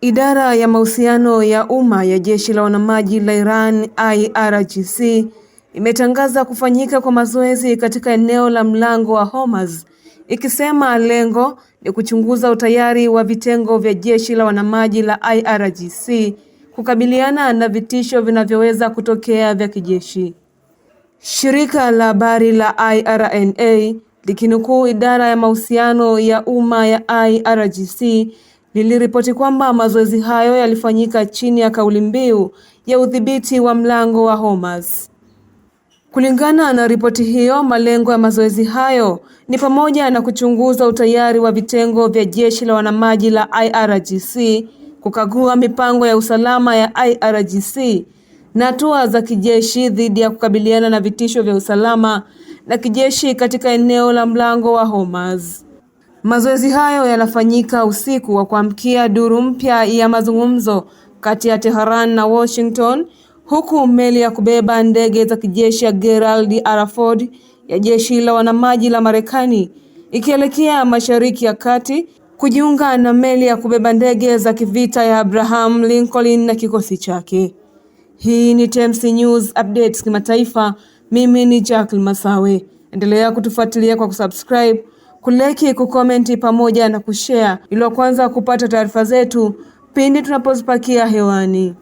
Idara ya mahusiano ya umma ya jeshi la wanamaji la Iran IRGC imetangaza kufanyika kwa mazoezi katika eneo la mlango wa Hormuz ikisema lengo ni kuchunguza utayari wa vitengo vya jeshi la wanamaji la IRGC kukabiliana na vitisho vinavyoweza kutokea vya kijeshi. Shirika la habari la IRNA likinukuu idara ya mahusiano ya umma ya IRGC liliripoti kwamba mazoezi hayo yalifanyika chini ya kauli mbiu ya udhibiti wa mlango wa Homas. Kulingana na ripoti hiyo, malengo ya mazoezi hayo ni pamoja na kuchunguza utayari wa vitengo vya jeshi la wanamaji la IRGC, kukagua mipango ya usalama ya IRGC na hatua za kijeshi dhidi ya kukabiliana na vitisho vya usalama na kijeshi katika eneo la mlango wa Homas. Mazoezi hayo yanafanyika usiku wa kuamkia duru mpya ya mazungumzo kati ya Tehran na Washington huku meli ya kubeba ndege za kijeshi ya Gerald R. Ford ya jeshi la wanamaji la Marekani ikielekea Mashariki ya Kati kujiunga na meli ya kubeba ndege za kivita ya Abraham Lincoln na kikosi chake. Hii ni TMC News Updates kimataifa. Mimi ni Jackal Masawe. Endelea kutufuatilia kwa kusubscribe kuleki, kukomenti pamoja na kushare ili kwanza kupata taarifa zetu pindi tunapozipakia hewani.